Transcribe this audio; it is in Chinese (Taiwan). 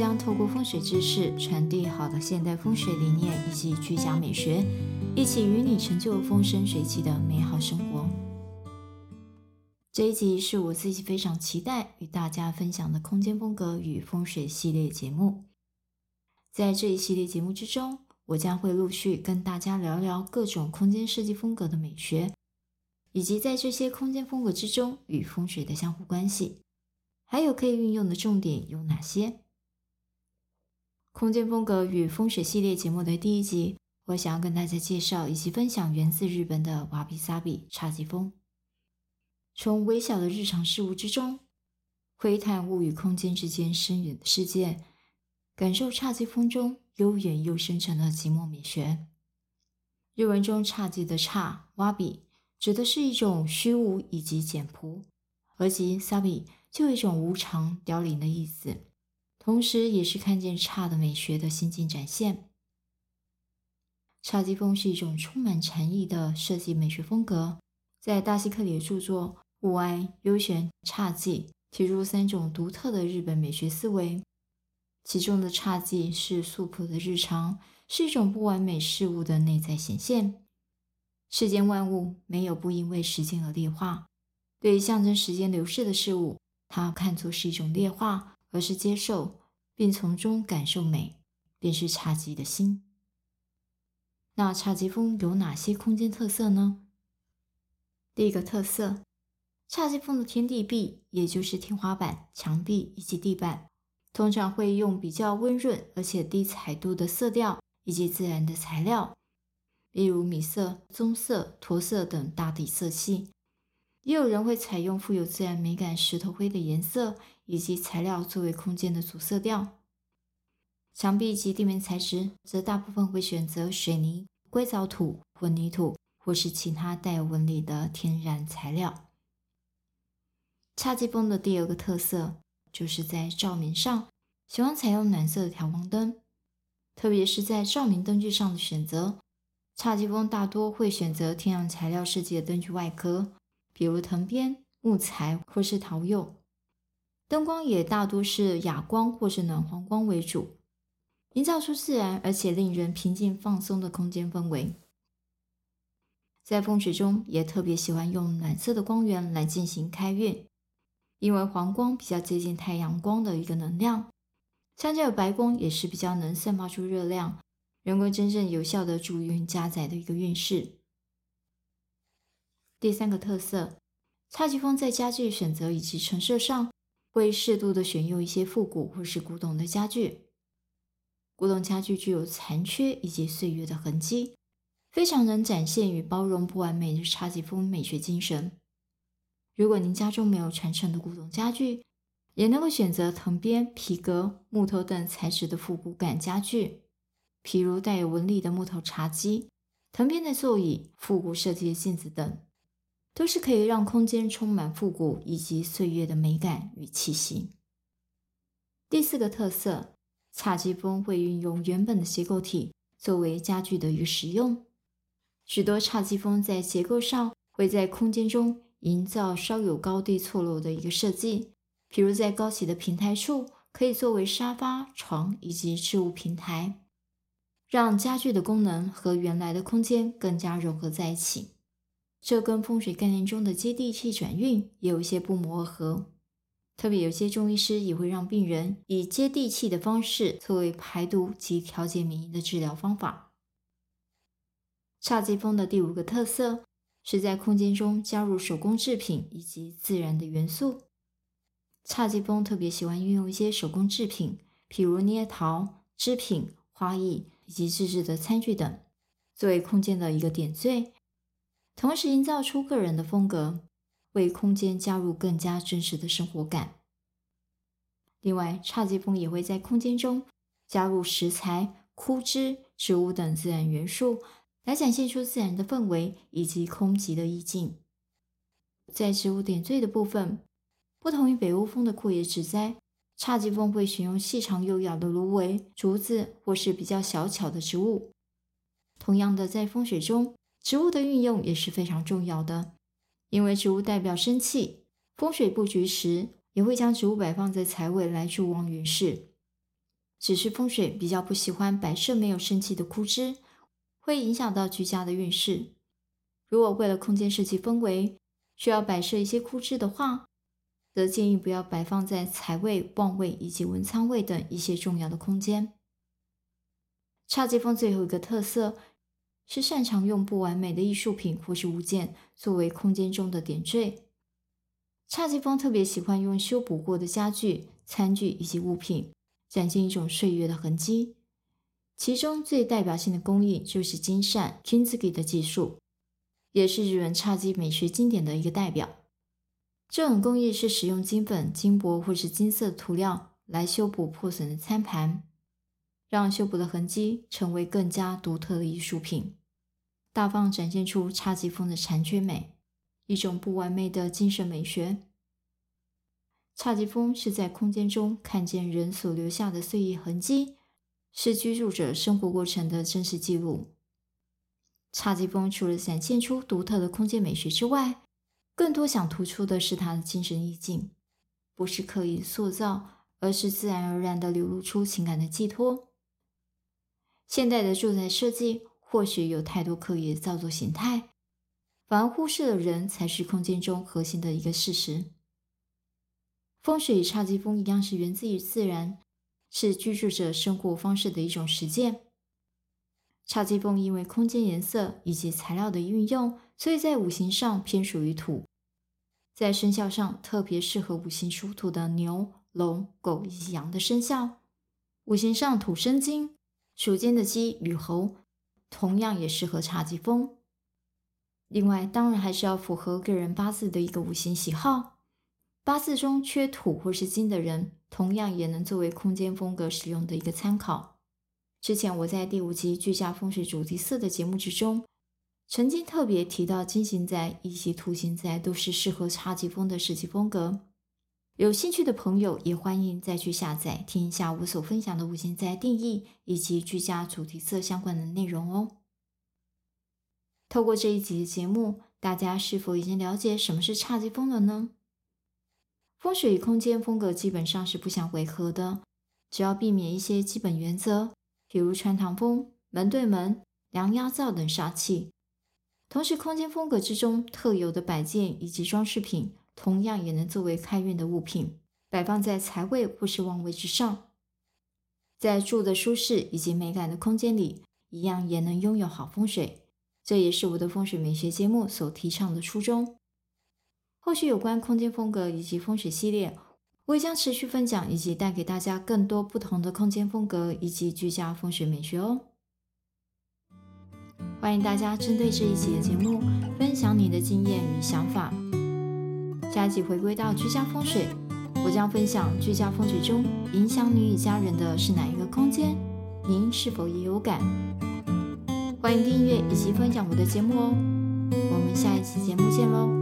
將透過風水知識傳遞好的現代風水理念以及居家美學，一起與你成就風生水起的美好生活。這一集是我自己非常期待與大家分享的空間風格與風水系列節目。在這一系列節目之中，我將會陸續跟大家聊聊各種空間設計風格的美學，以及在這些空間風格之中與風水的相互關係，還有可以運用的重點有哪些？空間風格與風水系列節目的第一集，我想要跟大家介紹以及分享源自日本的瓦比薩比侘寂風。從微小的日常事物之中，窺探物與空間之間深遠的世界，感受侘寂風中悠遠又深沉的寂寞美學。日文中侘寂的侘瓦比，指的是一種虛無以及簡樸，而寂薩比，就有一種無常凋零的意思。同時，也是看見差的美學的新進展現。侘寂風是一種充滿禪意的設計美學風格。在大西克里的著作《物哀、幽玄、侘寂》提出三種獨特的日本美學思維，其中的侘寂是素樸的日常，是一種不完美事物的內在顯現。世間萬物沒有不因為時間而劣化，對於象徵時間流逝的事物，它看作是一種劣化。而是接受並從中感受美，便是侘寂的心。那侘寂風有哪些空間特色呢？第一個特色，侘寂風的天地壁，也就是天花板、牆壁以及地板，通常會用比較溫潤而且低彩度的色調以及自然的材料，例如米色、棕色、駝色等大地色系。也有人會採用富有自然美感、石頭灰的顏色以及材料作為空間的主色調。牆壁及地面材質則大部分會選擇水泥、硅藻土、混凝土或是其他帶有紋理的天然材料。侘寂風的第二個特色就是在照明上，喜歡採用暖色的調光燈，特別是在照明燈具上的選擇，侘寂風大多會選擇天然材料設計的燈具外殼。比如藤編、木材或是陶釉，燈光也大多是啞光或是暖黃光為主，營造出自然而且令人平靜放鬆的空間氛圍。在風水中，也特別喜歡用暖色的光源來進行開運，因為黃光比較接近太陽光的一個能量，像這個白光也是比較能散發出熱量，能夠真正有效的助運加載的一個運勢。第三個特色，侘寂風在家具選擇以及陳設上，會適度地選用一些復古或是古董的家具。古董家具具有殘缺以及歲月的痕跡，非常能展現與包容不完美的侘寂風美學精神。如果您家中沒有傳承的古董家具，也能夠選擇藤編、皮革、木頭等材質的復古感家具，譬如帶有紋理的木頭茶几、藤編的座椅、復古設計的鏡子等。都是可以讓空間充滿復古以及歲月的美感與氣息。第四個特色，侘寂風會運用原本的結構體作為家具的一個使用。許多侘寂風在結構上會在空間中營造稍有高低錯落的一個設計，比如在高起的平台處可以作為沙發、床以及置物平台，讓家具的功能和原來的空間更加融合在一起。這跟風水概念中的接地氣轉運也有一些不謀而合，特別有些中醫師也會讓病人以接地氣的方式作為排毒及調節免疫的治療方法。侘寂風的第五個特色是在空間中加入手工製品以及自然的元素。侘寂風特別喜歡運用一些手工製品，譬如捏陶、織品、花藝以及自製的餐具等，作為空間的一個點綴。同時營造出個人的風格，為空間加入更加真實的生活感。另外，侘寂風也會在空間中加入石材、枯枝、植物等自然元素，來展現出自然的氛圍以及空寂的意境。在植物點綴的部分，不同於北歐風的闊葉植栽，侘寂風會選用細長優雅的蘆葦、竹子或是比較小巧的植物。同樣的，在風水中，植物的運用也是非常重要的，因為植物代表生氣。風水布局時，也會將植物擺放在財位來助旺運勢。只是風水比較不喜歡擺設沒有生氣的枯枝，會影響到居家的運勢。如果為了空間設計氛圍，需要擺設一些枯枝的話，則建議不要擺放在財位、旺位以及文昌位等一些重要的空間。侘寂風最後一個特色。是擅長用不完美的藝術品或是物件作為空間中的點綴。侘寂風特別喜歡用修補過的家具、餐具以及物品，展現一種歲月的痕跡。其中最代表性的工藝就是金扇 k i n 的技術，也是日本侘寂美學經典的一個代表。這種工藝是使用金粉、金箔或是金色的塗料來修補破損的餐盤，讓修補的痕跡成為更加獨特的藝術品。大方展現出侘寂風的殘缺美，一種不完美的精神美學。侘寂風是在空間中看見人所留下的歲月痕跡，是居住者生活過程的真實記錄。侘寂風除了展現出獨特的空間美學之外，更多想突出的是他的精神意境，不是刻意塑造，而是自然而然地流露出情感的寄託。現代的住宅設計，或許有太多刻意造作形態，反而忽視了人，才是空間中核心的一個事實。風水與侘寂風一樣，是源自於自然，是居住者生活方式的一種實踐。侘寂風因為空間顏色以及材料的運用，所以在五行上偏屬於土，在生肖上特別適合五行屬土的牛、龍、狗以及羊的生肖。五行上土生金，屬金的雞與猴。同樣也適合侘寂風。另外，當然還是要符合個人八字的一個五行喜好。八字中缺土或是金的人，同樣也能作為空間風格使用的一個參考。之前我在第五集《居家風水主題色》的節目之中，曾經特別提到金型宅以及土型宅都是適合侘寂風的設計風格。有興趣的朋友也歡迎再去下載聽一下我所分享的五行宅定義以及居家主題色相關的內容哦。透過這一集的節目，大家是否已經了解什麼是侘寂風了呢？風水與空間風格基本上是不相違和的，只要避免一些基本原則，比如穿堂風、門對門、梁壓灶等煞氣。同時，空間風格之中特有的擺件以及裝飾品。同樣也能作為開運的物品，擺放在財位或是旺位之上，在住的舒適以及美感的空間裡，一樣也能擁有好風水。這也是我的風水美學節目所提倡的初衷。後續有關空間風格以及風水系列，我也將持續分享以及帶給大家更多不同的空間風格以及居家風水美學哦。歡迎大家針對這一期的節目，分享你的經驗與想法。下一集回歸到居家風水，我將分享居家風水中影響你與家人的是哪一個空間？您是否也有感？歡迎訂閱以及分享我的節目哦！我們下一期節目見嘍！